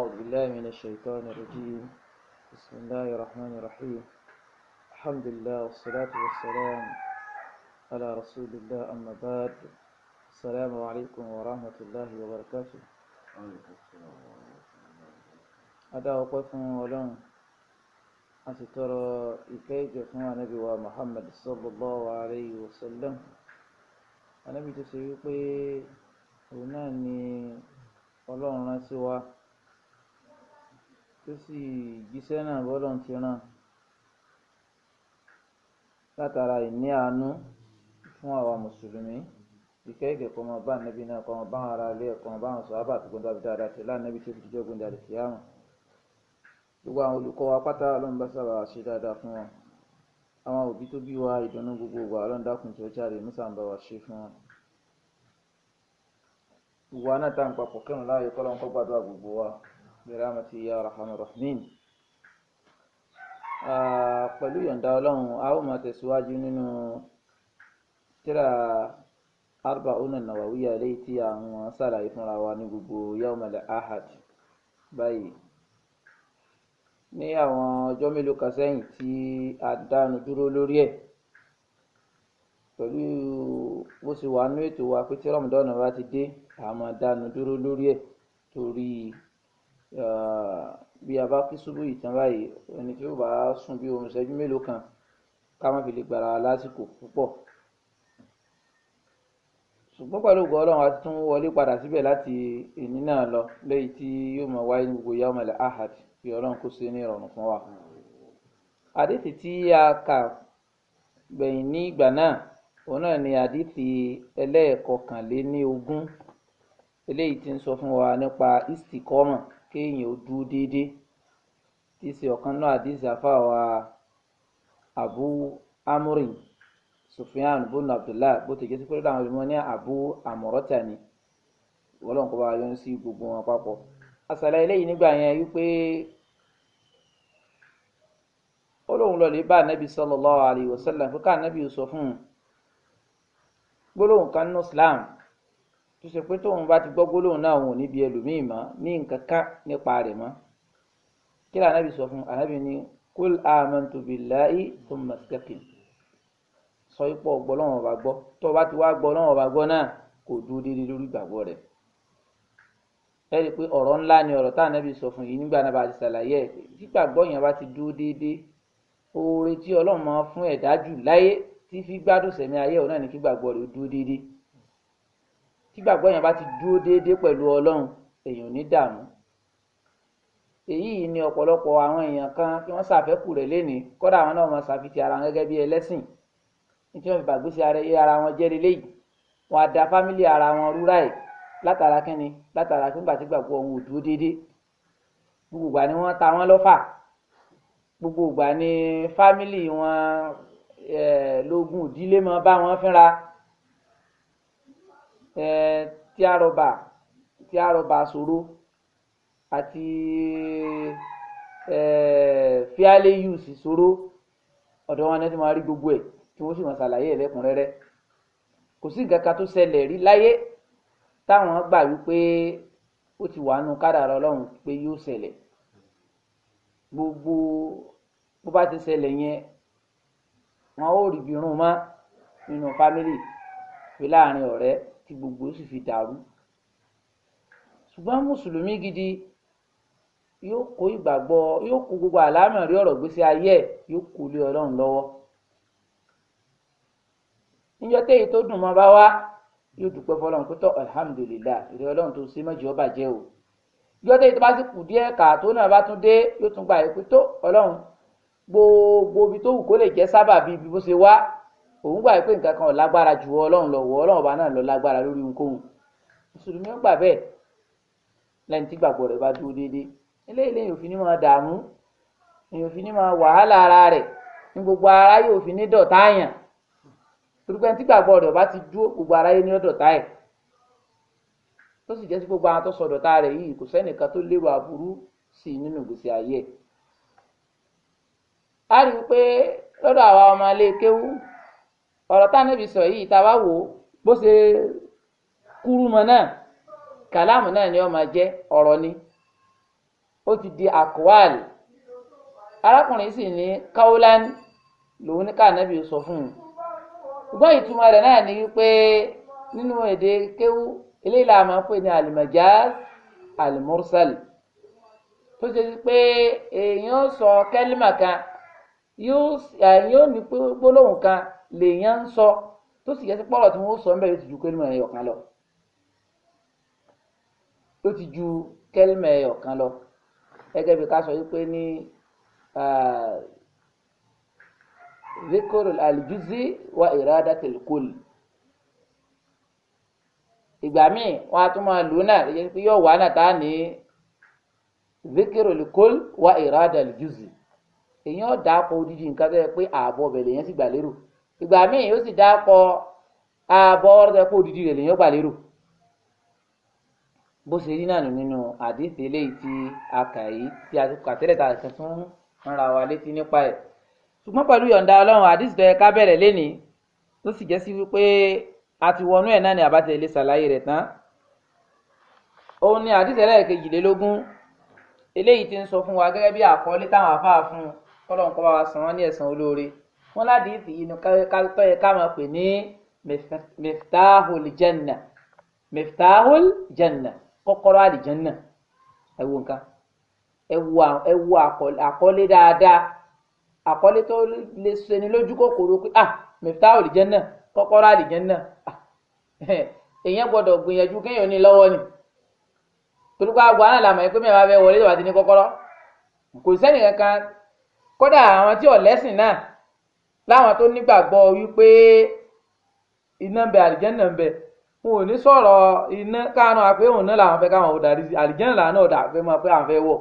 أعوذ بالله من الشيطان الرجيم بسم الله الرحمن الرحيم الحمد لله والصلاة والسلام على رسول الله أما بعد السلام عليكم ورحمة الله وبركاته أدا وقف ولون أتترى إكيد فما نبي محمد صلى الله عليه وسلم أنا بتسيقي هنا أني ọlọ́run rán sí wa tó sì jíṣẹ́ náà bọ́lọ́run ti rán látara ìní àánú fún àwa mùsùlùmí ìkẹ́ ìkẹ́kọ̀ọ́ ọmọ bá nẹ́bí náà kọ́ ọmọ bá ara ilé ẹ̀kọ́ ọmọ bá àwọn sọ̀rọ̀ àti gbọ́dọ̀ àbí dáadáa tẹ̀lé ànẹ́bí tó fi jíjọ́ gbọ́dọ̀ àti kìámù gbogbo àwọn olùkọ́ wa pátá ọlọ́run bá sábà ṣe dáadáa fún wọn àwọn òbí tó bí wa ìdùnnú gbogbo wa ọlọ́run dákun tó jáde mùsàǹbà wa ṣe fún wọn ìwà náà tá à ń papọ̀ kẹ́hùn láàyè kọ́ برحمتك يا أرحم الراحمين pẹ̀lú yọ̀ǹda ọlọ́run a ó máa tẹ̀síwájú nínú tíra Arba'una Nawawiyya léyìí tí àwọn sàlàyé fúnra wa ní gbogbo yawmal ahad báyìí ní àwọn ọjọ́ mélòó kan sẹ́yìn tí a dánu dúró lórí ẹ̀ pẹ̀lú bó ṣe wà nínú ètò wa pé tí rọ̀mùdọ́nà bá ti dé a máa dánu dúró lórí ẹ̀ torí bí a bá kí ṣubú ìtàn báyìí ẹni tí ó bá sùn bí oorun ìṣẹ́jú mélòó kan ká má fi lè gbára lásìkò púpọ̀ ṣùgbọ́n pẹ̀lú ògùn ọlọ́run a ti tún wọlé padà síbẹ̀ láti èní náà lọ lẹ́yìn tí yóò máa wáyé ní gbogbo yawm al-ahad bí ọlọ́run kó ṣe ní ìrọ̀rùn fún wa. àdìsí tí a kà gbẹ̀yìn ní ìgbà náà òun náà ni àdìsí ẹlẹ́ẹ̀kọkànléní ogún eléyìí ti ń sọ fún wa nípa istikọ́mọ̀ kéèyàn ó dúró déédéé tí í ṣe ọ̀kan náà àdìsí àfàwà Abu Amri Sufyan bùnú Abdullah bó ti jẹ́ sí pẹ́lú àwọn ìmọ̀ ní Abu Amrata ni ìwọ́lọ́n kó bá yọrí sí gbogbo wọn papọ̀ àṣàlà eléyìí nígbà yẹn wípé ó lóun lọ lè bá anabi sallallahu alaihi wasallam pé ká anabi sọ fún un gbólóhùn kan nínú Islam tó ṣe pé tóun bá ti gbọ́ gbólóhùn náà òun ò ní bi ẹlòmíì mọ́ ní nǹkan ká nípa rẹ̀ mọ́ kí lóò anábì sọ fún anábì ní kúl amantu billahi thumma istaqim sọ ipò ọgbọ́ lọ́wọ́ ọba gbọ́ tó o bá ti wá gbọ́ lọ́wọ́ ọba gbọ́ náà kò dúró déédéé lórí ìgbàgbọ́ rẹ̀ ẹ rí i pé ọ̀rọ̀ ńlá ni ọ̀rọ̀ tá anábì sọ fún yìí nígbà náà bá ti ṣàlàyé ẹ̀ pé gbígbàgbọ́ yẹn bá ti dúró déédéé oore tí ọlọ́run máa fún ẹ̀dá jù láyé tí fi gbádùn sẹ̀mí ayé òun náà ní kí gbàgbọ́ rẹ̀ dúró déédéé tígbàgbọ́ èèyàn bá ti dúró déédéé pẹ̀lú ọlọ́run èèyàn ní dààmú èyí ni ọ̀pọ̀lọpọ̀ àwọn èèyàn kan tí wọ́n ṣàfẹ́kù rẹ̀ lénìí kọ́dà àwọn náà máa ṣàfitì ara wọn gẹ́gẹ́ bí ẹlẹ́sìn ní tí wọ́n fi bàgbésí ara wọn jẹ́ lélẹ́yìí wọn á da fámílì ara wọn rúra ẹ̀ látara kínni látara nígbà tí gbàgbọ́ wọn ò dúró déédéé gbogbo ìgbà ni wọ́n ta wọ́n lọ́fà gbogbo ìgbà ni fámílì wọn lógún ìdílé máa bá wọn fínra um tíárọbà tíárọbà soro àti um fairlayus soro ọ̀dọ̀ wọn ni wọ́n ti máa rí gbogbo ẹ̀ tí wọ́n sì máa ṣàlàyé ẹ̀ lẹ́kùnrẹ́rẹ́ kò sí nǹkan kan tó ṣẹlẹ̀ rí láyé táwọn gbà wípé ó ti wà nù kádàrá Ọlọ́run pé yóò ṣẹlẹ̀ gbogbo bó bá ti ṣẹlẹ̀ yẹn wọn ó rí bí irun nínú fámìlì fi láàrin ọ̀rẹ́ tí gbogbo ó sì fi dàrú ṣùgbọ́n mùsùlùmí gidi yóò kó ìgbàgbọ́ yóò kó gbogbo àlámọ̀ rí ọ̀rọ̀ gbèsè ayé ẹ̀ yóò kó lé ọlọ́run lọ́wọ́ níjọ́ téyí tó dùn mọ́ bá wá yóò dúpẹ́ fọlọ́run pé tọ́ alhamdulilah ìrẹ́ ọlọ́run tó ṣe mọ́jì ọba jẹ́ o níjọ́ téyí tó bá sì kù díẹ̀ kà tó náà bá tún dé yóò tún gbà yẹ pé tó ọlọ́run gbogbo ibi tó wù kó lè jẹ́ sábàbí ibi bó ṣe wá òun gbà pé nǹkan kan ò lágbára jù wọ ọlọ́run lọ wọ ọlọ́run ọba náà lọ lágbára lórí ohunkóhun mùsùlùmí ó gbà bẹ́ẹ̀ lẹ́yìn tí gbàgbọ́ rẹ̀ bá dúró déédéé eléyìí lẹ́yìn òfin ní máa dààmú èyàn òfin ní máa wàhálà ara rẹ̀ ní gbogbo ara yóò fi ní dọ̀tá àyàn torípé tí gbàgbọ́ rẹ̀ bá ti dúró gbogbo ara yóò ní dọ̀tá ẹ̀ tó sì jẹ́ sí gbogbo àwọn tó sọ dọ̀tá rẹ̀ yìí kò sẹ́nìkan tó lérò aburú sí nínú ìgbésí ayé ẹ̀ a rí i pé lọ́dọ̀ àwa ọmọ alẹ́ kéwú ọ̀rọ̀ tánàbí sọ yìí tá a bá wò ó bó ṣe kúrú mọ náà kàlámù náà ni ó máa ọ̀rọ̀ ni ó ti di àkọwàl arákùnrin sì ní káwọlán lòun ní kànábì sọ fún un ṣùgbọ́n ìtumọ̀ rẹ̀ náà ni wípé nínú èdè kéwú eléyìí la máa ń pè ní alimajaz alimursal tó ṣe pé èèyàn sọ kẹ́límà kan yóò ní gbólóhùn kan lèèyàn ń sọ tó sì yẹ sí pọ́lọ̀ tí wọ́n sọ ń bẹ̀ yóò ti ju kẹ́límà ẹ̀yọ̀ kan lọ yóò ti ju kẹ́límà ẹ̀yọ̀ kan lọ gẹ́gẹ́ bí ká sọ wípé ní zikorul alijuzi wa iradatil kul ìgbà míì wọn a tún máa lò náà lè jẹ́ pé yóò wà náà tá ní zikorul kul wa iradatil juzi èyí ó dàpọ̀ odidi nǹkan tó yẹ pé ààbọ̀ bẹ̀rẹ̀ yẹn sì gbà lérò ìgbà míì ó sì dákọ ààbọ̀ ọ̀rọ̀ tẹ́ kó odidi rẹ̀ lèyàn gbà lérò bó ṣe rí náà nínú àdéhùn eléyìí tí a kà yìí tí a ti kà tẹ́lẹ̀ tá a ti tún ń wa létí nípa ẹ̀ ṣùgbọ́n pẹ̀lú yọ̀ǹda ọlọ́run àdéhùn ká bẹ̀rẹ̀ lénìí tó sì jẹ́ sí wípé a ti wọnú ẹ̀ náà ni àbátẹ̀ lè ṣàlàyé rẹ̀ tán òun ni àdéhùn ẹlẹ́ẹ̀kejìlélógún eléyìí ti ń sọ fún wa gẹ́gẹ́ bí àkọlé táwọn àfáà fún kọ́lọ́n kọ́ bá wa san wọ́n ní ẹ̀san olóore wọn ládìísì yìí tó yẹ ká máa pè ní miftahul janna miftahul janna kọ́kọ́rọ́ àlìjanna ẹ wo nǹkan ẹ wo ẹ wo àkọlé dáadáa àkọlé tó lè ṣeni lójú kòkòrò pé ah miftahul janna kọ́kọ́rọ́ àlìjanna ah, èèyàn gbọ́dọ̀ gbìyànjú kéèyàn ní lọ́wọ́ ni torípa àgbà náà làmọ̀ yìí pé mẹ́wàá fẹ́ wọlé ìwà ti ní kọ́kọ́rọ́ kò sẹ́nì kankan kódà àwọn tí ò lẹ́sìn náà láwọn tó nígbàgbọ́ wípé iná ń bẹ àlìjẹ́nà ń bẹ wọn ò ní sọ̀rọ̀ iná káàánú àpé òun náà làwọn fẹ́ káwọn ò darí sí àlìjẹ́nà làwọn náà dà fẹ́ máa fẹ́ àwọn fẹ́ wọ̀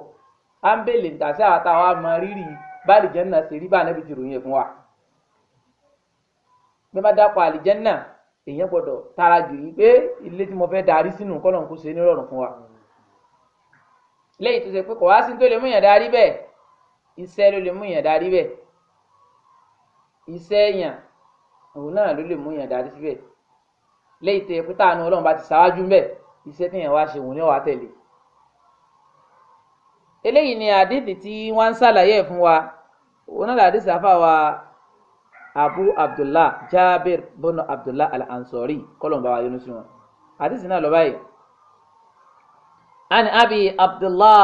à ń bèlè ntàsí àtàwọn àmọ́ rírì bá àlìjẹ́nà ṣe rí bá ànábì ti ròyìn ẹ̀ fún wa. bí wọ́n dápọ̀ àlìjẹ́nà èèyàn gbọ́dọ̀ tara jù yí pé ilé tí mo fẹ́ darí sínú kọ́nà kó ṣe nírọ̀rùn fún wa. lẹ́yìn tó ṣe pé kò wá sí tó lè mú yàn darí bẹ́ẹ̀ iṣẹ́ ló lè mú yàn darí bẹ́ẹ̀ iṣẹ́ èèyàn òun náà ló lè mú èèyàn darí síbẹ̀ lẹ́yìn tẹ pé táànù ọlọ́run bá ti ṣáájú mbẹ̀ iṣẹ́ téèyàn wá ṣe òun ni ó wá tẹ̀lé eléyìí ni àdìsí tí wọ́n ń ṣàlàyé ẹ̀ fún wa òun náà làdìsí àfà wa abu abdullah jabir bono abdullah al-ansori kọlọm bá wa yọnu sí wọn àdìsí náà lọ báyìí ani abi abdullah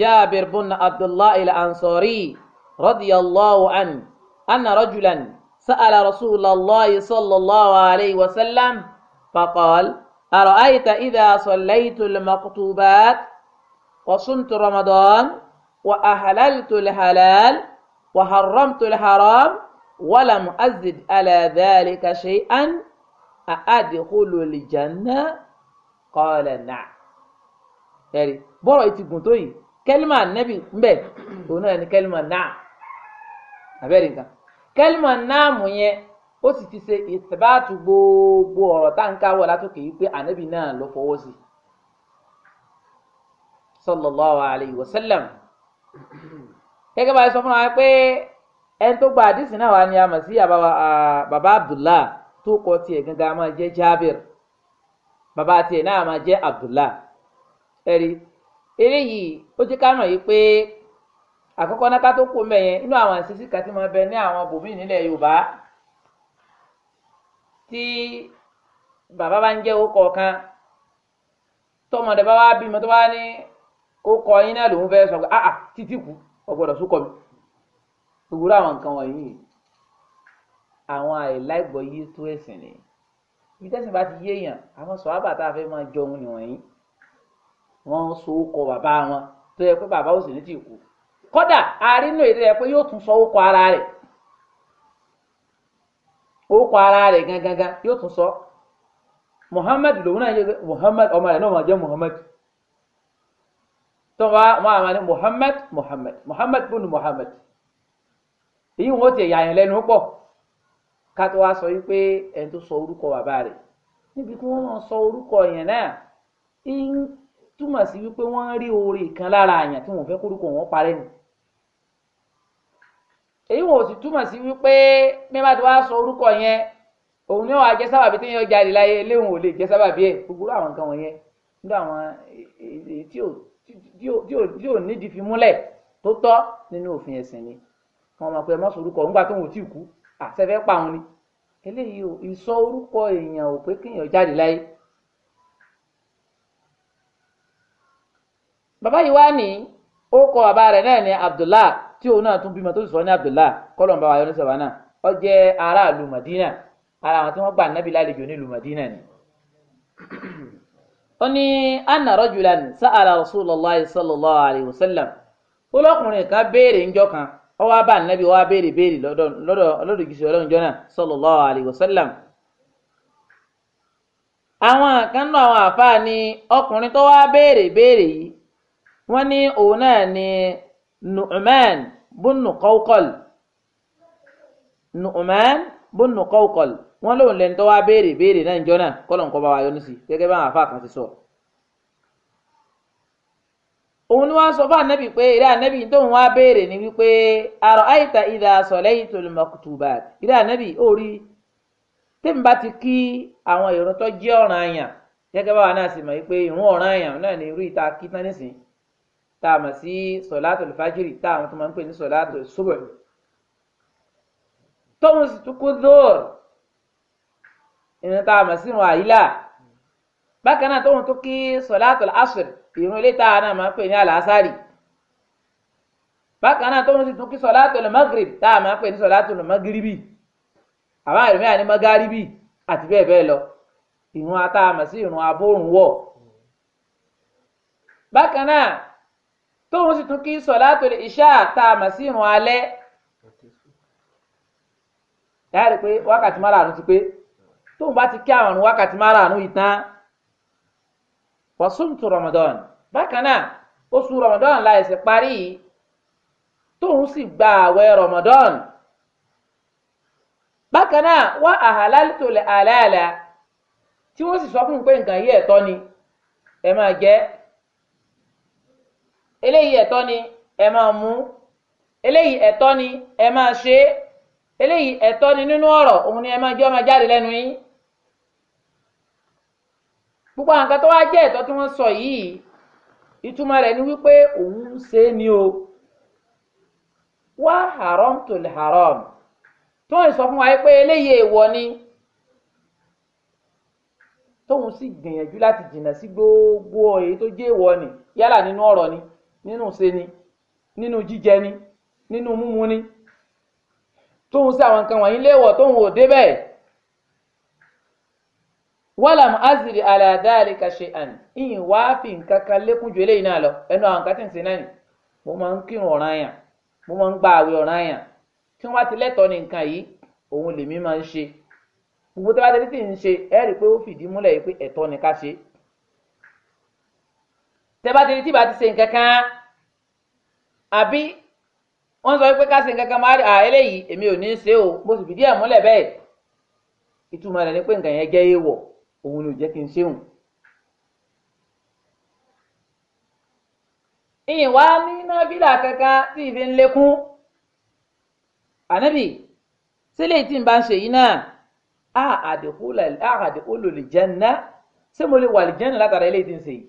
jabir bono abdullah al-ansori radiyallahu anhu. أن رجلا سأل رسول الله صلى الله عليه وسلم فقال أرأيت إذا صليت المقطوبات وصمت رمضان وأحللت الحلال وحرمت الحرام ولم أزد على ذلك شيئا أأدخل الجنة قال نعم يعني bọ́rọ̀ yìí كلمة gùn النبي yìí kẹ́límà nẹ́bì ń bẹ̀ òun kelman na yẹn ó sì ti ṣe ìtìbáàtù gbogbo ọrọ tá à ń káwọ́ látòkè yìí pé ànábì náà ló sallallahu bá a sọ fún wa gba àdìsí náà wà ní sí abdullah tó kọ gangan máa jabir baba náà máa abdullah eléyìí ó àkọ́kọ́ náà ká tó kó mẹ́yẹn inú àwọn àṣìṣe kan tí mo bẹ ní àwọn bòmíì nílẹ̀ yorùbá tí bàbá bá ń jẹ́ orúkọ kan tọmọdé bá wá bímọ tó bá ní orúkọ yín náà lòun fẹ́ sọ pé ah títí kù ọgbọ́dọ̀ sókọ mi ìwúrọ àwọn nǹkan wọ̀nyí àwọn àìláìgbọ́ yé tó ẹ̀sìn ni ibi tẹ́sìn bá ti yéèyàn àwọn sọ̀rọ̀ tá a fẹ́ máa jọun nìwọ̀nyí wọ́n so kọ bàbá wọn tó yẹ pé bàbá ò sì ní tì kú kódà àárínú èdè rẹ pé yóò tún sọ orúkọ ara rẹ orúkọ ara rẹ̀ gangan yóò tún sọ Muhammad lòun náà yẹ Muhammad ọmọ rẹ̀ náà máa jẹ Muhammad tó wá wọn àwọn ni Muhammad Muhammad Muhammad èyí wọn ti wá sọ yìí pé ẹni tó sọ orúkọ bàbá níbi wọn sọ orúkọ yẹn náà ń túmọ̀ sí wípé wọ́n rí èyí wọn ò sì túmọ̀ sí wípé mímá ti wá sọ orúkọ yẹn òun ni wàá jẹ sábàbí téèyàn jáde láyé léwọn ò lè jẹ sábàbí ẹ gbogbo àwọn nǹkan wọ̀nyẹn nígbà àwọn tí ò nídìí fi múlẹ̀ tó tọ́ nínú òfin ẹ̀sìn ni wọn mọ̀ pé ẹ má sọ orúkọ nígbà tó wọn ò tí ì kú àṣẹfẹ́ pa wọn ni eléyìí ò ìsọ orúkọ èèyàn ò pé kéèyàn jáde láyé. bàbá yìí wá ní orúkọ bàbá rẹ̀ náà ní Abdullah tí òun náà tún bímọ tó sì sọ ní abdullah kọlọm báwa yọnu sọba náà ó jẹ aráàlú madina ara àwọn tí wọn gbà nábì lálejò nílùú madina ni. ó ní anna rajulan sa'ala rasulillah sallallahu alayhi wa sallam olókùnrin kan béèrè ńjọ́ kan ó wá bá nábì wá béèrè béèrè lọ́dọ̀ lọ́dọ̀ jùsọ Ọlọ́run jọ náà sallallahu alayhi wa sallam àwọn kan náà àwọn àfáà ni ọkùnrin tó wá béèrè béèrè yìí wọn ní òun náà ni Nu'man bùnú Qawqal Nu'man bùnú Qawqal wọ́n lóun lẹ́ni tó wáá béèrè béèrè náà ìjọ náà kọ́lọ̀ ń kọ́ bá wa yọ nísì gẹ́gẹ́ bá àwọn afáàkàn ti sọ. òun ni wọ́n sọ fún anabi pé eré anabi tóun wáá béèrè ni wípé àrò àìta ìdá solaytul maktubat eré anabi ó rí tẹ́mi bá ti kí àwọn ìrun tó jẹ́ ọ̀ranyàn gẹ́gẹ́ bá náà sì mọ̀ wípé ìrun ọ̀ranyàn náà ni irú ìta kí tán nísìnyí tá a mọ̀ sí sọ̀láàtò lùfájìrì tá àwọn tó máa ń pè ní sọ̀láàtò ṣubú tóun sì tún kú dóòr ìrìn tá a mọ̀ sí ìrun àyílà bákan náà tóun tún kí sọ̀láàtò asùr ìrun ilé tá a náà máa ń pè ní àlàásárì bákan náà tóun sì tún kí sọ̀láàtò lùmọ́gìrìbì tá a máa ń pè ní sọ̀láàtò lùmọ́gìrìbì àbá ìrìnmẹ́yà ní mọ́gàrìbì àti bẹ́ẹ̀ bẹ́ẹ̀ lọ ìrun atáàmọ̀ sí ìrun abórùnwọ̀ bákan náà tóun sì tún kí sọ̀látò ìṣá tá a mọ̀ sí ìrun alẹ́ dáhàrí pé wákàtí márààrún ti pé tóun bá ti kí àwọn ọ̀run wákàtí márààrún yìí tán wàsúùtù Ramadan bákan náà oṣù Ramadan la ẹ̀sẹ̀ parí tóun sì gba àwẹ̀ Ramadan bákan náà wá àhàlálítò àlàálà tí wọ́n sì sọ fún un pé nǹkan yìí ẹ̀tọ́ ni ẹ máa jẹ́ eléyìí ẹ̀tọ́ ni ẹ máa mú eléyìí ẹ̀tọ́ ni ẹ máa ṣe é eléyìí ẹ̀tọ́ ni nínú ọ̀rọ̀ òun ni ẹ máa jẹ ọmọ jáde lẹ́nu yín gbogbo àwọn kan tó wá jẹ́ ẹ̀tọ́ tí wọ́n sọ yìí ìtumọ̀ rẹ̀ ni wípé òun ń ṣe é ní o wá haram tó lè haram tó ń sọ fún wa pé eléyìí èèwọ̀ ni tóun sì gbìyànjú láti jìnnà sí gbogbo èyí tó jẹ́ èèwọ̀ ni yálà nínú ọ̀rọ̀ ni nínú ṣe ni nínú jíjẹ ni nínú múmu ni tóun sí àwọn nǹkan wọ̀nyí léèwọ̀ tóun ò débẹ̀ wàlàm azìrì àlàdáàlì kàṣe àn ìyìn wá fi nǹkan kan lékún ju eléyìí náà lọ ẹnu àwọn nǹkan tí ń ṣe náà ni mo máa ń kírun ọ̀ràn àyàn mo máa ń gba àwẹ̀ ọ̀ràn àyàn tí wọ́n bá ti lẹ́tọ̀ọ́ ní nǹkan yìí òun lèmi máa ń ṣe gbogbo tó bá tẹ́lẹ̀ tí ń ṣe ẹ́ rí i pé ó fìdí múlẹ̀ yìí pé ẹ̀tọ́ ni ká ṣe é tẹ́bá ti ní tí ìbá ti ṣe nǹkan kan àbí wọ́n sọ pé ká ṣe nǹkan kan máa rí à eléyìí èmi ò ní ṣe o mo sì fìdí ẹ̀ múlẹ̀ bẹ́ẹ̀ ìtumọ̀ rẹ̀ ni pé nǹkan yẹn jẹ́ èèwọ̀ òun ni ò jẹ́ kí n ṣéhùn. ìyìn wá ní nábìlà kankan tí ìfi ń lékún ànábì sílẹ̀ tí n bá ń ṣe yìí náà a àdìkú lòlì jẹ́ ńná ṣé mo lè wà lè jẹ́ ńná látara eléyìí tí ń ṣe yìí.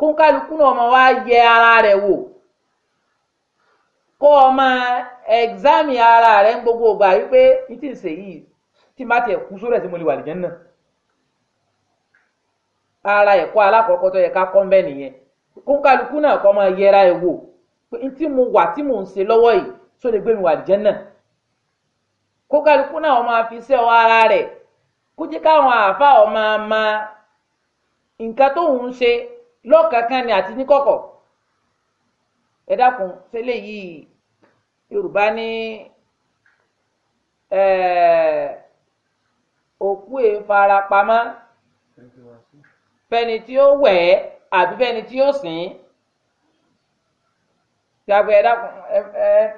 kónkálukú náà ọmọ wa yẹ ara rẹ̀ wò kó o máa ẹgzámì ara rẹ̀ ń gbogbo ògbà wípé ní tí ń ṣe yìí tí má tiẹ̀ kú sórí ẹ̀ tí mo lè wà lìjẹ́ náà ara ẹ̀kọ́ alákọ̀ọ́kọ́ tó yẹ ká kọ́ ń nìyẹn kónkálukú náà kó máa yẹra ẹ̀ wò pé ní mo wà tí mò ń ṣe lọ́wọ́ yìí tó lè gbé mi wà lìjẹ́ náà kónkálukú náà ọmọ àfi ọ ara rẹ̀ kó káwọn àáfàá ọmọ máa nǹkan tóun ń ṣe lọ́kànkan ni àti níkọ̀kọ̀ ẹ dákun ṣẹlẹ̀ yìí yorùbá ní òkú ẹ farapamọ́ fẹ́ni tí ó wẹ̀ ẹ́ àbí fẹ́ni tí ó sìn tí a gbé ẹ dákun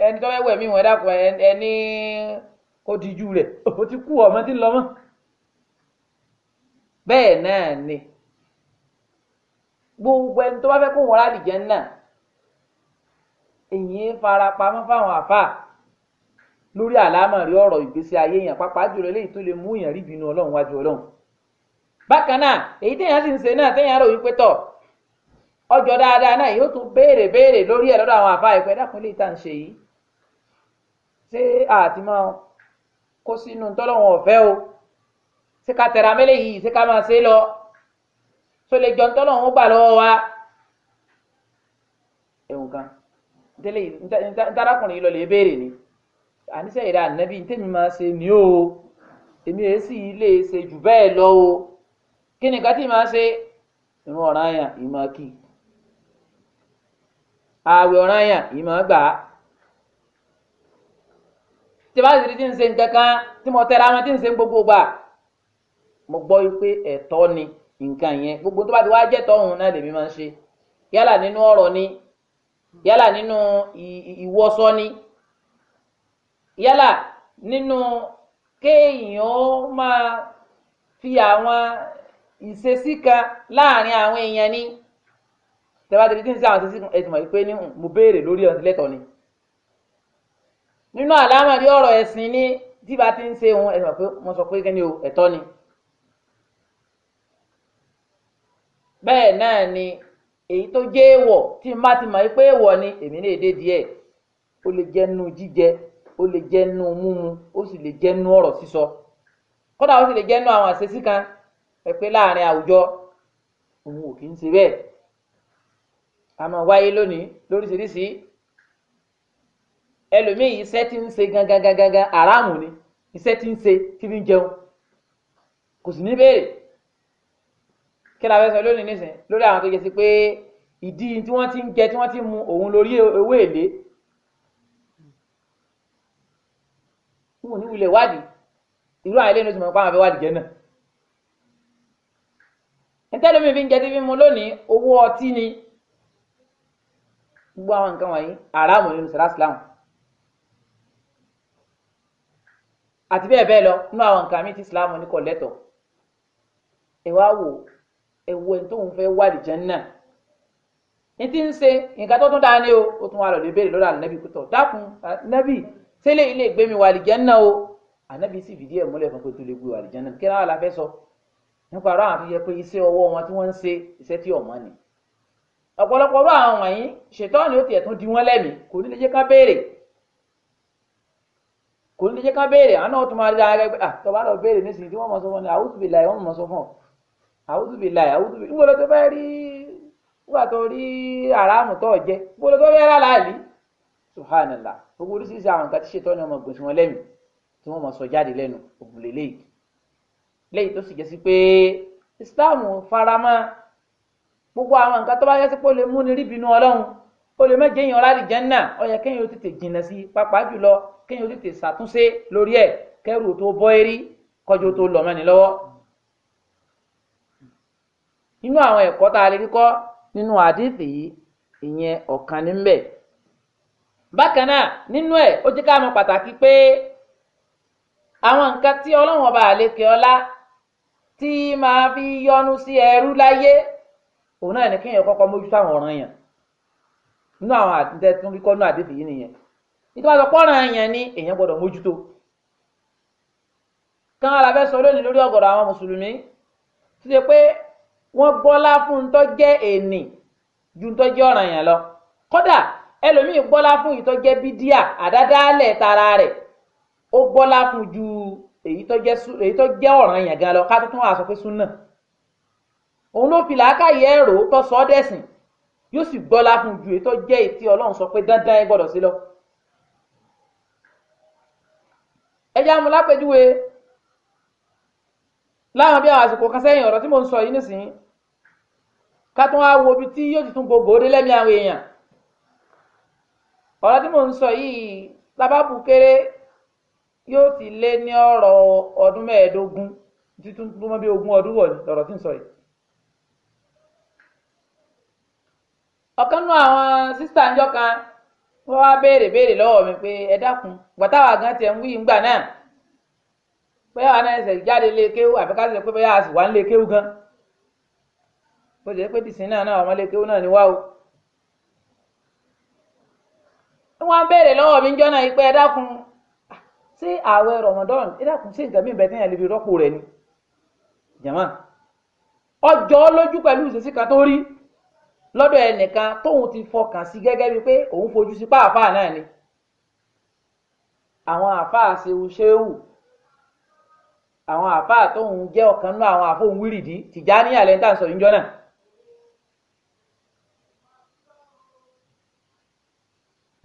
ẹni tó wẹ̀ mí wọn ẹ dákun ẹni kò díjú rẹ̀ ó ti kú ọmọ tí ń lọ mọ́ bẹ́ẹ̀ náà ni gbogbo ẹni tó bá fẹ́ kó wọn rà lìjẹ́ náà èyí ń fara pamọ́ fáwọn àfà lórí àlámọ̀rí ọ̀rọ̀ ìgbésí ayé yẹn pàápàá jùlọ eléyìí tó lè mú yẹn rí ìbínú ọlọ́run wájú ọlọ́run bákan náà èyí téèyàn sì ń ṣe náà téèyàn rò wípé tọ̀ ọjọ́ dáadáa náà yóò tún béèrè béèrè lórí ẹ̀ lọ́dọ̀ àwọn àfà ìpẹ́ dákun eléyìí tá à ń ṣe yìí ṣé àti máa kó sínú tọ́lọ́wọ̀n ọ̀fẹ́ o ṣé ká tẹ̀ra mẹ́lẹ̀ yìí ṣé ká máa ṣe é lọ tó lè jọ ntọ́lọ̀ ń gbà lọ́wọ́ wa ẹ̀wù gan ntẹ́lẹ̀ ntarakùnrin yìí lọ lè béèrè ni àníṣe ìdá ànábì ntẹ́mi máa ṣe ni o èmi èé sì lè ṣe jù bẹ́ẹ̀ lọ o kí ni kátì máa ṣe ìmọ̀ ọ̀ràn àyàn ìmọ̀ kì ààwẹ̀ ọ̀ràn àyàn ìmọ̀ gbà á tí bá sì ti ń ṣe nǹkan kan tí mo tẹra wọn tí ń ṣe gbogbo gbà mo gbọ́ pé ẹ̀tọ́ ni nǹkan yẹn gbogbo tó bá ti wá jẹ́ tọ́hún náà lèmi máa ń ṣe yálà nínú ọ̀rọ̀ ni yálà nínú ìwọṣọ ni yálà nínú kéèyàn máa fi àwọn ìṣesí kan láàrin àwọn èèyàn ni tẹ́wádìí tí ń sẹ́ àwọn ìṣesí kan ẹ̀sìn mọ̀ pé ní hmm, mo béèrè lórí ọ̀sìnlẹ̀tọ̀ ni nínú àlámọ̀rí ọ̀rọ̀ ẹ̀sìn ni tí bá ti ń ṣe òun ẹ̀sìn mọ̀ pé wọ́n sọ pé kẹ́ni ẹ̀tọ́ ni. bẹ́ẹ̀ náà ni èyí tó jẹ́ èèwọ̀ tí n ti mọ̀ pé ni èmi náà èdè díẹ̀ ó lè jẹ́ nu jíjẹ ó lè jẹ́ nu múmu ó sì lè jẹ́ nu ọ̀rọ̀ sísọ kódà ó sì lè jẹ́ nu àwọn àṣesí kan pẹ̀pẹ́ láàrin àwùjọ òun ò kì í ṣe bẹ́ẹ̀ àmọ́ wáyé lónìí lóríṣiríṣi ẹlòmíì iṣẹ́ tí ń ṣe gangan gangan ni iṣẹ́ ti ń ṣe kí ni jẹun kò kí la fẹ́ sọ lónìí nísìn lórí àwọn tó jẹ sí pé ìdí tí wọ́n ti ń jẹ tí wọ́n ti ń mu òun lórí owó èlé wọn ò ní wulẹ̀ wádìí irú àwọn eléyìí ló mọ̀ pé àwọn fẹ́ wádìí jẹ náà ntẹ́lómi fi ń jẹ tí fi ń mu lónìí owó ọtí ni gbogbo àwọn nǹkan wọ̀nyí àràmù nínú sàràsìlámù àti bẹ́ẹ̀ bẹ́ẹ̀ lọ nínú àwọn nǹkan mi ti sìlámù ní kò ẹ wá wò ó ẹwọ ẹni tóun fẹ́ wà lìjẹ náà ní ti ń ṣe nǹkan tó tún dáa ní o ó tún wà lọ lè béèrè lọ́dọ̀ ànábì kútọ dákun ànábì tẹ́lẹ̀ ilé ìgbé mi wà lìjẹ náà o ànábì sì fìdí ẹ̀ múlẹ̀ fún pé tó lè gbé wà lìjẹ náà kí náà la fẹ́ sọ nípa ara àwọn àfihàn pé iṣẹ́ ọwọ́ wọn tí wọ́n ń ṣe iṣẹ́ tí ọmọ ni ọ̀pọ̀lọpọ̀ bá àwọn wọ̀nyí ṣètọ́ni ó tiẹ̀ tún di wọ́n lẹ́mìí kò ní lè jẹ́ ká béèrè kò ní lè jẹ́ ká béèrè àwọn náà tún àwùjọbìlà àwùjọbìlà níbo ló tó fẹ́ rí nígbà tó rí àràmù tó jẹ níbo ló tó fẹ́ rà láàlì subhanallah gbogbo oríṣiríṣi àwọn nǹkan tí ṣètò ọ̀nà ọmọ gbèsè wọn lẹ́mìí tí wọ́n mọ̀ sọ jáde lẹ́nu ògùn lélẹ́yìí lẹ́yìn tó sì jẹ́ sí pé islam faramọ́ gbogbo àwọn nǹkan tó bá yẹ sí pé ó lè múni rí bínú ọlọ́run ó lè mẹ́jẹ yẹn ọ̀làdì jẹ́nà ó yẹ kéèyàn ó tètè jìnnà sí i pàápàá jùlọ kéèyàn ó tètè ṣàtúnṣe lórí ẹ̀ kẹ́rù tó bọ́ eré kọjú tó lọ́mọ́ni lọ́wọ́ nínú àwọn ẹ̀kọ́ tá a lè rí kọ́ nínú àdìsí yìí ìyẹn ọ̀kan níbẹ̀ bákan náà nínú ẹ̀ ó jẹ́ ká pàtàkì pé àwọn nǹkan tí ọlọ́run ọba àlekè ọlá tí máa fi yọ́nú sí ẹrú láyé òun náà ní kọ́kọ́ ọ̀ràn yẹn nínú àwọn tó ń rí kọ́ nínú àdìsí yìí nìyẹn nítorí yẹn èèyàn gbọ́dọ̀ mójútó kán alábẹ́sọ lónìí lórí ọ̀gọ̀dọ̀ àwọn mùsùlùmí ti ṣe wọ́n bọ́lá fún un tó jẹ́ èèní ju tó jẹ́ ọ̀ranyàn lọ kódà ẹlòmíín bọ́lá fún èyí tó jẹ́ bídíà àdádálẹ̀ tara rẹ̀ ó bọ́lá fún ju èyí tó jẹ́ èyí tó jẹ́ ọ̀ranyàn gan lọ ká tó tún wà sọ pé súnà òun ló fi làákàyè ẹ̀rọ tó sọ ọ́ dẹ̀sìn yóò sì bọ́lá fún ju èyí tó jẹ́ ètí ọlọ́run sọ pé dandan ẹ gbọ́dọ̀ sí lọ. ẹja mu lápẹjúwe láwọn bí àwọn àsìkò kan sẹ́yìn ọ̀rọ̀ tí mò ń sọ yìí nísìnyí ká tún wá wo ibi tí yóò ti tún gbogbo dé lẹ́mìí àwọn èèyàn ọ̀rọ̀ tí mò ń sọ yìí tábàbù kéré yóò ti lé ní ọ̀rọ̀ ọdún mẹ́ẹ̀ẹ́dógún títún tó mọ́ bí ogún sọ yìí. ọ̀kan àwọn sísá ńjọ́ kan wọ́n wá béèrè béèrè lọ́wọ́ mi pé ẹ dákun gan tiẹ̀ ń wí ìgbà náà pé a sì wà ń bó ṣe pé dìsín náà náà ọmọlé kéwú náà ni wá o. wọ́n á béèrè lọ́wọ́ mi jọ́nà ìpẹ́ ẹ sí ààwẹ̀ Ramadan ẹ dákun sí nǹkan mìíràn bẹ́ẹ̀ tẹ́yàn rọ́pò rẹ̀ ni jàmá ọjọ́ lójú pẹ̀lú ìṣesí kan tó rí lọ́dọ̀ ẹnìkan tóun ti fọkàn sí gẹ́gẹ́ bíi pé òun fojú sí páàpáà náà ni àwọn àáfàá ṣeun ṣéwù àwọn àáfàá tóun jẹ́ ọ̀kan náà àwọn àfóhùn wírìdì Tìjàní àlẹ́ńtà sọ̀yìnjọ́ náà.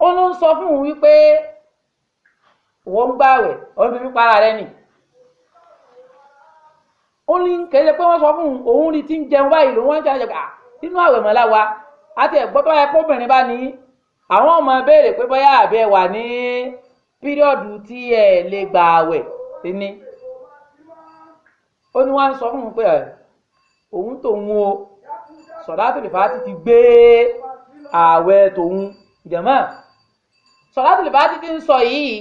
ó ló ń sọ fún òun wípé wọ́n ń gbààwẹ̀ òun fi pípa ara rẹ nì ó ní kéde pé wọ́n sọ fún òun òun rí ti ń jẹun báyìí lòun wọ́n ń jẹun àjọkà nínú àwẹ̀ mọ́lá wa àti ẹ̀gbọ́n tó yẹ kóbìnrin bá ní àwọn ọmọ béèrè pé bóyá àbẹ wà ní píríọ̀dù tí ẹ lè gbà àwẹ̀ ní ó ní wọ́n sọ fún òun pé òun tòun o sọ̀dá tó lè fà á ti ti gbé ààwẹ̀ tòun jẹ̀mọ́ sọ̀rọ̀tìlì bá ti ti ń sọ yìí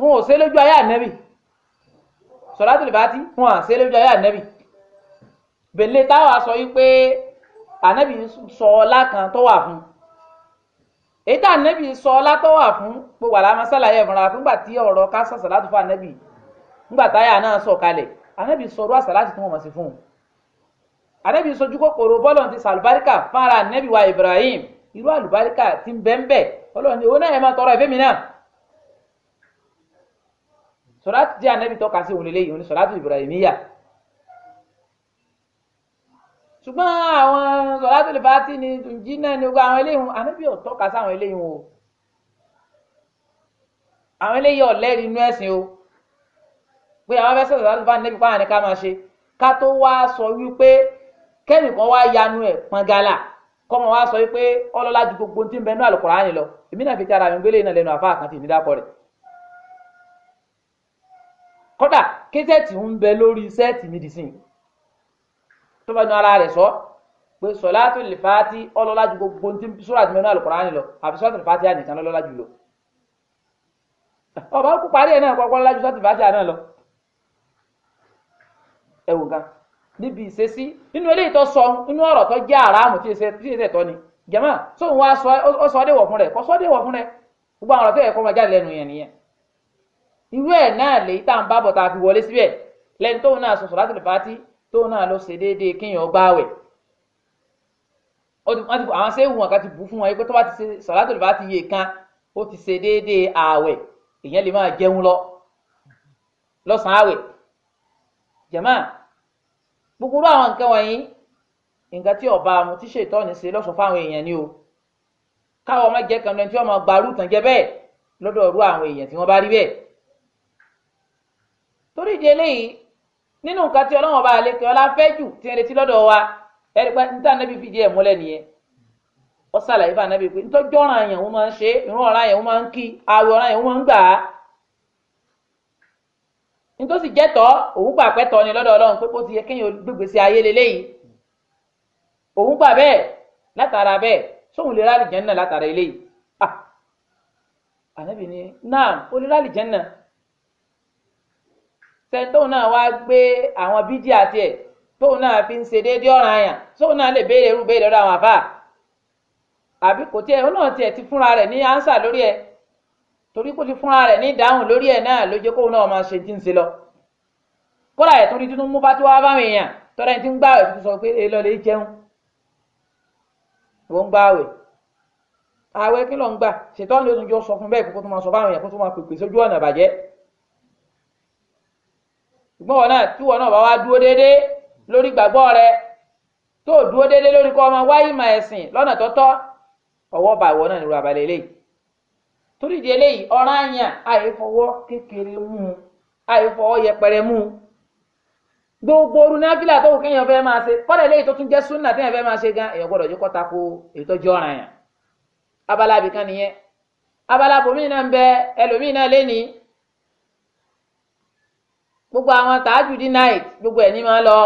wọn ò ṣe lójú ayé ànẹ́bì sọ̀rọ̀tìlì bá ti wọn à ṣe lójú ayé ànẹ́bì bèlè táwa sọ yìí pé ànẹ́bì sọ ọlá kan tó wà fún èyí tá ànẹ́bì sọ ọlá tó wà fún pé wà láwọn sàlàyé ìfúnra fúngbà tí ọ̀rọ̀ ká sọ sàlátù fún ànẹ́bì ńgbà táyà náà sọ kalẹ̀ ànẹ́bì sọ ọdún àsàlátì tí wọ́n mọ̀ sí fún un ànẹ́bì sojú kòkòrò bọ́lọ̀ ti sàlùbáríkà fún ara ànẹ́bì wa Ibrahim irú àlùbáríkà ti ń bẹ́ ń bẹ̀ ọlọ́run ní owó náà ẹ máa tọrọ ẹ̀fẹ́ mi náà sọláàtì jẹ́ ànábì tọ́ka sí òun lélẹ́yìí òun ní sọláàtì Ibrahimiyya ṣùgbọ́n àwọn sọláàtì lùfàtì ni tùǹjì náà ni ogun àwọn eléyìí ànábì ò tọ́ka sí àwọn eléyìí o àwọn eléyìí ọ̀lẹ́rìí inú ẹ̀sìn o pé àwọn fẹ́ sọ̀rọ̀ sọláàtì lùfàtì nẹ́bí pààrọ̀ ní ká máa ṣe ká tó wá sọ wípé kẹ́nìkan wá yanu ẹ̀ pọ́ngálà kọ́mọ wa sọ wípé ọlọ́lá ju gbogbo tí ń bẹ nú àlùkùránì lọ èmi náà fi ti ara mi gbélé iná lẹ́nu àfa àkàntì nídàkọ rẹ̀ kódà késẹ́ẹ̀tì ń bẹ lórí sẹ́ẹ̀tì mi dì sí i tó bá nu ara rẹ̀ sọ pé sọ̀látù lìfàátì ọlọ́lá ju gbogbo tí sùúrà ti mẹ́nu àlùkùránì lọ àfi sọ́ọ̀tù lìfàátì ànìkan lọ́lọ́lá jù lọ ọba kú parí ẹ̀ náà kọ́kọ́ lọ́lá ju sọ́ọ̀tù lìfàátì àná lọ ẹ wò gan níbi ìṣesí nínú eléyìí tó sọ nínú ọ̀rọ̀ tó jẹ́ àràmù tí ìṣe tọ́ ni jama so n wa sọ ọ de wọ fún rẹ kọ sọ de wọ fún rẹ gbogbo àwọn ọ̀rọ̀ tó yẹ kó máa jáde lẹ́nu yẹn nìyẹn irú ẹ̀ náà lèyí tá à ń bá bọ̀ tá a fi wọlé síbẹ̀ lẹ́ni tóun náà sọ sọ̀rọ̀ àti pàtí tóun náà lọ ṣe déédéé kéèyàn gbáwẹ̀ àwọn sẹ́wù wọn kan ti bù fún wọn pé tó bá ti ṣe sọ̀rọ̀ àti pàtí kan ó ti ṣe déédéé ààwẹ̀ èèyàn lè máa jẹun lọ lọ́sàn-án ààwẹ̀ jama gbogbo àwọn nǹkan wọ̀nyí nǹkan tí ọba mu tí ṣètọ́ni ṣe lọ́sọ̀ fáwọn èèyàn ni o káwọn ọmọ jẹ kan lẹni tí wọn máa gba arú ìtànjẹ bẹ́ẹ̀ lọ́dọ̀ ọrú àwọn èèyàn tí wọn bá rí torí ìdí eléyìí nínú nǹkan tí ọ láfẹ́ jù tí retí lọ́dọ̀ wa ẹni pé níta nẹ́bí ẹ̀ nìyẹn fún pé ọ̀ràn àyàn wọn máa ń ṣe ìrún ọ̀ràn àyàn wọn máa ń kí ọ̀ràn àyàn wọn máa ń gbà nítòsí jẹ́tọ́ òun gbà pẹ́tọ́ ni lọ́dọ̀ ọlọ́run pé kó ti yẹ kéèyàn gbégbèsè ayé leléyìí òun gbà bẹ́ẹ̀ látara bẹ́ẹ̀ sóhun lè rálì jẹ́nà látara eléyìí ah ànábì ni náà ó lè rálì jẹ́nà sẹ́ńtòun náà wá gbé àwọn bídíà tiẹ̀ tóun náà fi ń ṣe déédéé ọ̀ràn àyàn tóun náà lè béèrè irú béèrè lọ́dọ̀ àwọn àbá àbí kò tiẹ̀ òun náà tiẹ̀ ti fúnra rẹ̀ ní ánsà lórí ẹ̀ torí kó ti fúnra rẹ̀ ní ìdáhùn lórí ẹ̀ náà ló jẹ́ kóun náà máa ṣe tí ń ṣe lọ kódà ẹ̀ tó rí tuntun mú bá tí wàá báwọn èèyàn tọ́lá ẹni tí ń gbààwẹ̀ tó sọ pé èyí lọ́lẹ̀ jẹun ìwọ ń gbààwẹ̀ ààwẹ̀ kí ló ń gbà ṣètọ́ni ló tún jọ sọ fún bẹ́ẹ̀ kó tó máa sọ báwọn èèyàn kó tó máa pèpè sójú ọ̀nà ìbàjẹ́ ṣùgbọ́n wọn náà tí wọn náà bá wá dúró déédéé lórí gbàgbọ́ rẹ tó dúró déédéé lórí kọ́ ọmọ wáyé ìmọ̀ ẹ̀sìn lọ́nà tó ọwọ́ bá ìwọ náà nírú abalẹ̀ eléyìí torí ìdí eléyìí ọ̀ràn àyàn àìfọwọ́ kékeré mú un àìfọwọ́ yẹpẹrẹ mú un gbogbo oru nábìlà tó kéèyàn fẹ́ máa ṣe eléyìí tó tún jẹ́ súnà téèyàn fẹ́ máa ṣe gan èèyàn gbọ́dọ̀ tako èyí tó jẹ́ àyàn abala abìkan nìyẹn abala ń bẹ gbogbo àwọn tààjù gbogbo máa lọ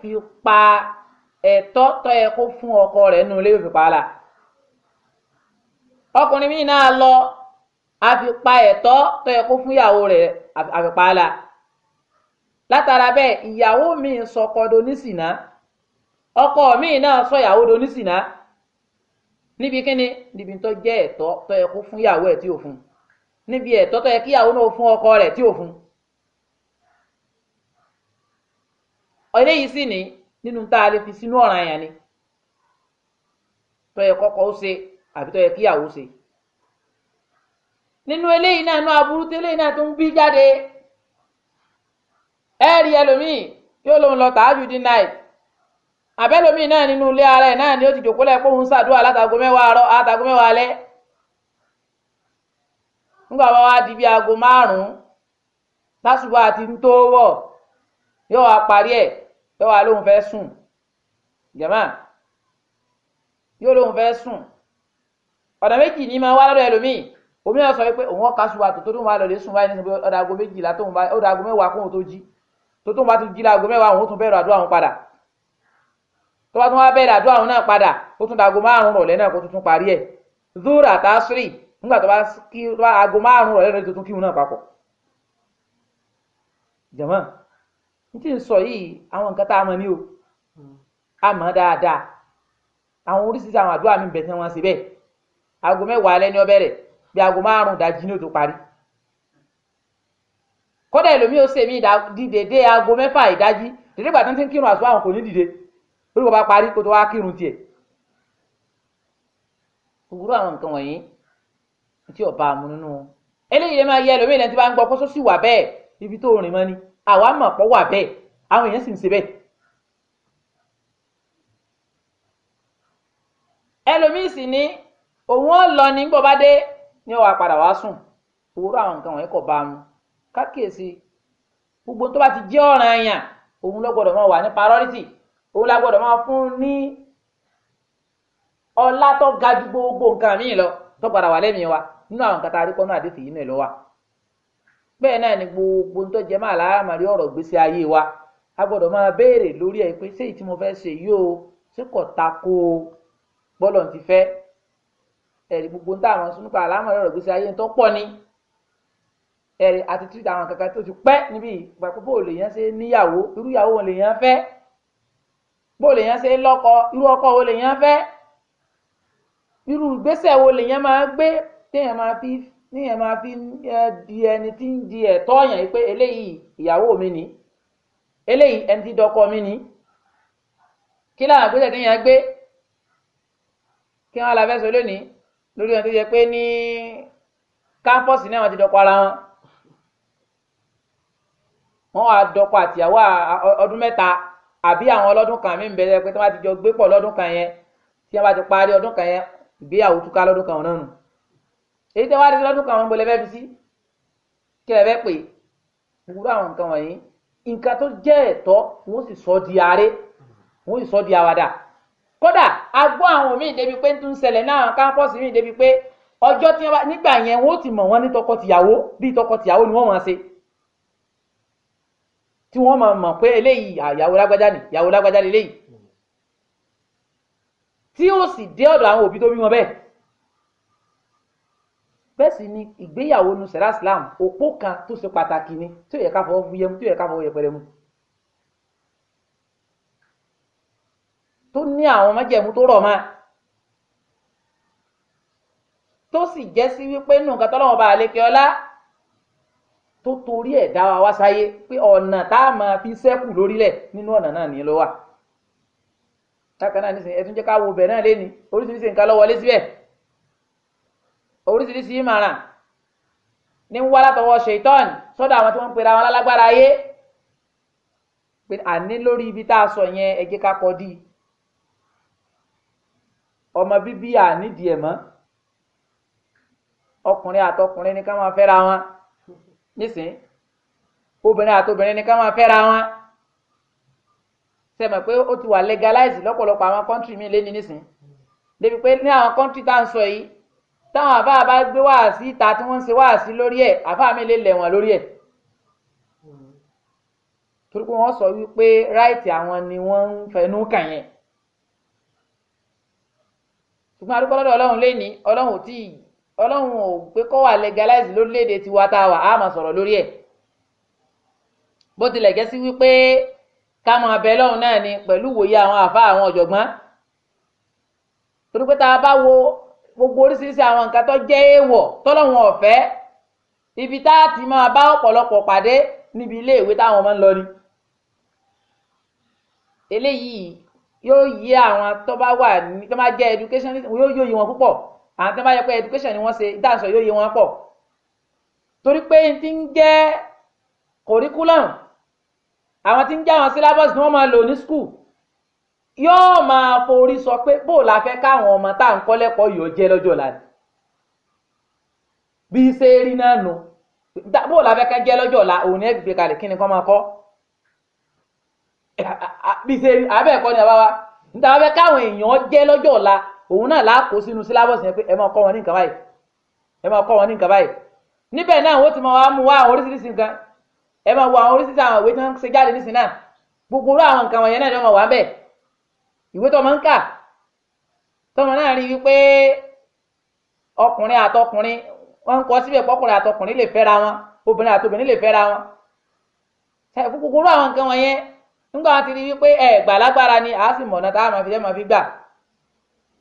fi pa ẹ̀tọ́ tọ́ yẹ fún ọkọ rẹ̀ nínú ilé yóò fi ọkùnrin mi náà lọ àfipá ẹ̀tọ́ tọ́ yẹ fún ìyàwó rẹ̀ àfipá á látara bẹ́ẹ̀ ìyàwó sọkọ ọkọ mi náà sọ ìyàwó donísìnà níbi kíni níbi tó fún ìyàwó tí náà ọkọ rẹ tí fún eléyìí nínú tá a lè fi sínú ọ̀ràn yẹn ni kọ́kọ́ ó àbí tó kíyàwó ṣe nínú eléyìí náà inú aburú tẹ́lẹ̀ náà tó ń bí jáde ẹ rí ẹlòmíì yóò lòun lọ tààjù di night àbẹ́lòmíì náà nínú ilé ara ẹ̀ náà ni ó ti jòkó lẹ́ẹ̀kọ́ òun ṣàdúrà mẹ́wàá àárọ̀ mẹ́wàá alẹ́ nígbà wá di aago márùn-ún àti yóò wá lóun fẹ́ sùn jẹ̀mọ́ yóò lóun fẹ́ sùn ọ̀nà méjì ní máa wá lọ́dọ̀ ẹlòmíì omi náà sọ pé òun ọ̀ka sùn wa tòótọ́ tó máa lọ́ọ́ lè sùn báyìí nígbà ọ̀dà aago méjìlá tóun bá ọ̀dà aago mẹ́wàá kóun tó jí tòótọ́ bá tún jí láago mẹ́wàá òun tún bẹ̀rẹ̀ àdúrà òun padà tó bá tún wá bẹ̀rẹ̀ àdúrà òun náà padà ó tún daago márùn-ún rọ̀lẹ́ náà kó tuntun parí ẹ̀ zúrà tásírì nígbà tó bá kí aago márùn rọ̀lẹ́ náà tuntun kí n tí ń sọ yìí àwọn nǹkan tá a mọ̀ ní o a mọ̀ dáadáa àwọn oríṣiríṣi àwọn àdúrà mi bẹ̀ tí wọ́n ṣe bẹ́ẹ̀ aago mẹ́wàá alẹ́ ni ó bẹ̀rẹ̀ bí aago márùn-ún dájí ní òtò parí kódà ẹlòmíì ó ṣe mí dìde dé aago mẹ́fà ìdájí dèdè gbàtàn tí ń kírun àṣọ àwọn kò ní dìde lórí kò bá parí kó tó wá kírun tiẹ̀ òwúrọ̀ àwọn nǹkan wọ̀nyí tí ọba àmú eléyìí lè máa yẹ ẹlòmíì lẹ́ni tí bá ń gbọ́ kó tó sì wà bẹ́ẹ̀ ibi tó rìn mọ́ ni. àwa mọ̀ pọ̀ wà bẹ́ẹ̀ àwọn èèyàn sì ń ṣe bẹ́ẹ̀. ẹlòmíì sì ni òun ó lọ ní bó bá dé ni ó wà padà wá sùn òwúrọ̀ àwọn nǹkan wọ̀nyí kò gbogbo tó bá ti jẹ́ ọ̀ràn èèyàn òun ló gbọ́dọ̀ máa wà ní priority òun la gbọ́dọ̀ máa fún ní ọlá tó ga ju gbogbo nǹkan míì lọ bẹ́ẹ̀ náà ni gbogbo ń tọ́jẹ́ máa láàmàrí ọ̀rọ̀ gbèsè ayé wa a gbọ́dọ̀ máa béèrè lórí ẹ̀ pé ṣé ìtí mo fẹ́ ṣe yìí o ṣé kò tako bọ́lọ̀ ti fẹ́ ẹ̀rí gbogbo ń táwọn súnúkà láàmàrí ọ̀rọ̀ gbèsè ayé tó pọ̀ ni ẹ̀rí àti tí àwọn kankan tó ti pẹ́ níbí ìgbà pé bóòlù èèyàn ṣe níyàwó irú ìyàwó wo lèèyàn fẹ́ bóòlù èèyàn ṣe lọ́kọ irú ọkọ wo lèèyàn fẹ́ irú ìgbésẹ̀ wo lèèyàn máa gbé téèyàn máa fi níyẹn máa fi di ẹni tí ń di ẹ̀tọ́ yẹn pé eléyìí ìyàwó mi ni eléyìí ẹni tí dọ́kọ mi ni kí láwọn àgbẹ̀sẹ̀ tí yẹn gbé kí wọn la fẹ́ sọ lónìí lórí ẹni tó yẹ pé ní kámpọ́ọ̀sì náà wọn ti dọ́kọ ara wọn wọn wà dọ́kọ àtìyàwó ọdún mẹ́ta àbí àwọn ọlọ́dún kan mi ń bẹ̀rẹ̀ pé tí wọ́n ti jọ gbé pọ̀ lọ́dún kan yẹn tí wọ́n bá ti parí ọdún kan yẹn ìgbéyàwó túká lọ́dún kan náà nù èyí tẹ́ wá rí lọ́dún kan àwọn ìbò lẹ́fẹ́ fi sí kí lẹ́fẹ́ pè wúrọ̀ àwọn nǹkan wọ̀nyí nǹkan tó jẹ́ ẹ̀tọ́ wọ́n sì sọ di aré wọ́n sì sọ di àwàdà kódà a gbọ́ àwọn míì débi pé ń tún ṣẹlẹ̀ náà àwọn kámpọ́ọ̀sì míì débi pé ọjọ́ tí wọ́n bá nígbà yẹn wọ́n ti mọ̀ wọ́n ní tọkọ-tìyàwó bí tọkọ-tìyàwó ni wọ́n máa ṣe tí wọ́n máa mọ̀ pé eléyìí àyàwó lágbájá ni ìyàwó lágbájá ni eléyìí tí ó sì dé ọ̀dọ̀ àwọn òbí tó bí wọn bẹ́ẹ̀ bẹ́ẹ̀ sì ni ìgbéyàwó nu sẹ̀rá islam òpó kan tó ṣe pàtàkì ni tí ò yẹ ká fọwọ́ fúyẹ́ mu tí ò yẹ ká fọwọ́ yẹpẹrẹ mu. tó ní àwọn májẹ̀mú tó rọ̀ máa tó sì jẹ́ sí wípé nù nǹkan tọ́lọ́wọ́ bá àlékè ọlá tó torí ẹ̀ dá wa wá sáyé pé ọ̀nà tá a máa fi ṣẹ́kù lórílẹ̀ nínú ọ̀nà náà ní ló wà. náà nísìnyí ẹ tún jẹ́ ká wo bẹ̀ náà lé ní oríṣiríṣi nǹkan ló wọlé síbẹ̀ oríṣiríṣi ìmọ̀ràn ní wá látọwọ́ ṣèitán sọ́dọ̀ àwọn tí wọ́n ń pera wọn lálágbára ayé pé àní lórí ibi tá a sọ yẹn ẹ jẹ́ ká kọ́ dí ọmọ bíbí ànídìí ẹ̀ mọ́ ọkùnrin àtọkùnrin ni ká máa fẹ́ra wọn nísìnyí obìnrin àtobìnrin ni ká máa fẹ́ra wọn sẹ́mi pé ó ti wà legalize lọ́pọ̀lọpọ̀ àwọn kọ́ńtì mi lé ní nísìnyí débi pé ní àwọn kọ́ńtì tá à ń sọ yìí táwọn àfáà bá gbé wáàsí ìta tí wọ́n ń ṣe wáàsí lórí ẹ̀ àfáà mi lè lẹ̀wọ̀n lórí ẹ̀ torí pé wọ́n sọ wípé ráìtì àwọn ni wọ́n ń fẹnu kàn yẹn ṣùgbọ́n adúgbò lọ́dọ̀ ọlọ́run lé ní ọlọ́run ò tíì ọlọ́run ò pé kọ́ wà legalize lórílẹ̀‐èdè tiwa tá a wà á máa sọ̀rọ̀ lórí ẹ̀ bó tilẹ̀ jẹ́ sí wípé ká máa bẹ lọ́run náà ni pẹ̀lú ìwòye àwọn àfáà àwọn ọ̀jọ̀gbọ́n torí pé tá a bá wo gbogbo oríṣiríṣi àwọn nǹkan tó jẹ́ èèwọ̀ tọ́lọ́hun ọ̀fẹ́ ibi tá a ti máa bá ọ̀pọ̀lọpọ̀ pàdé níbi iléèwé táwọn ọmọ ń lọ ni. eléyìí yóò yí àwọn tó bá wà ní tó bá jẹ́ education yóò yí wọn púpọ̀ àwọn tó bá yẹ pé education ni wọ́n ṣe dáàsọ yóò yí wọn pọ̀ torí pé n ti ń jẹ́ curriculum àwọn ti ń jẹ́ àwọn syllabus ni wọ́n máa lò ní school yóò máa forí sọ pé bó la fẹ́ káwọn ọmọ tá à ń kọ́ lẹ́kọ̀ọ́ yìí ó jẹ́ lọ́jọ́ ọ̀la ni bí ṣe rí náà nù bó la fẹ́ kẹ́ jẹ́ lọ́jọ́ ọ̀la òun ẹ̀ gbé kalẹ̀ kí ni kọ́ máa kọ́ bí ṣe rí abẹ́ ẹ̀kọ́ ni àbáwá níta wọ́n fẹ́ káwọn èèyàn jẹ́ lọ́jọ́ ọ̀la òun náà sínú sílábọ̀sì yẹn pé ẹ máa kọ́ wọn ní nǹkan báyìí ẹ máa kọ́ wọn ní nǹkan báyìí níbẹ̀ náà wọ́n ti ìwé tọmọ ń kà tọmọ náà rí wípé ọkùnrin àtọkùnrin wọn ń kọ síbẹ̀ pọkùnrin àtọkùnrin lè fẹ́ra wọn obìnrin àtobìnrin lè fẹ́ra wọn kúkúrú àwọn nǹkan wọn yẹn nígbà wọn ti rí wípé ẹ gbà lágbára ni àá sì mọ̀nà táwọn máa fi jẹ́ máa fi gbà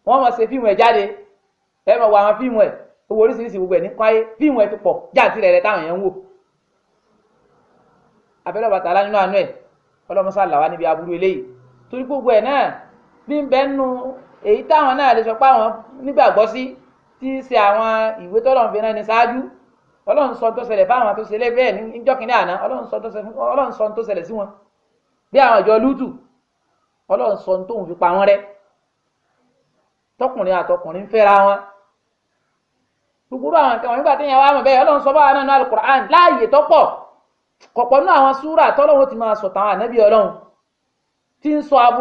wọ́n máa ṣe fíìmù ẹ̀ jáde ẹ máa wọ àwọn fíìmù ẹ̀ owó oríṣiríṣi gbogbo ẹ̀ ní kwáyé fíìmù ẹ̀ ti pọ̀ jáàtì rẹ̀ rẹ̀ táwọn yẹn ń wò abẹ́rẹ́ bàtà alá nínú àánú ẹ̀ ọlọ́mọṣá níbi aburú eléyìí torí gbogbo ẹ̀ náà ní bẹ́ẹ̀nu èyí táwọn náà lè sọ pé àwọn nígbàgbọ́ sí tí í ṣe àwọn ìwé tọ́lọ́run fi rán ni ṣáájú ọlọ́run sọ tó ṣẹlẹ̀ fáwọn tó ṣẹlẹ̀ bẹ́ẹ̀ níjọ́ kínní àná ọlọ́run sọ tó ṣẹlẹ̀ sí wọn bí àwọn ìjọ lútù ọlọ́run sọ tóun fi pa wọn rẹ́ tọkùnrin àtọkùnrin fẹ́ra wọn gbogbo àwọn nǹkan wọn nígbà tí ìyàwó àmọ̀ bẹ́ẹ̀ ọlọ́run sọ báwa náà nínú alukur'an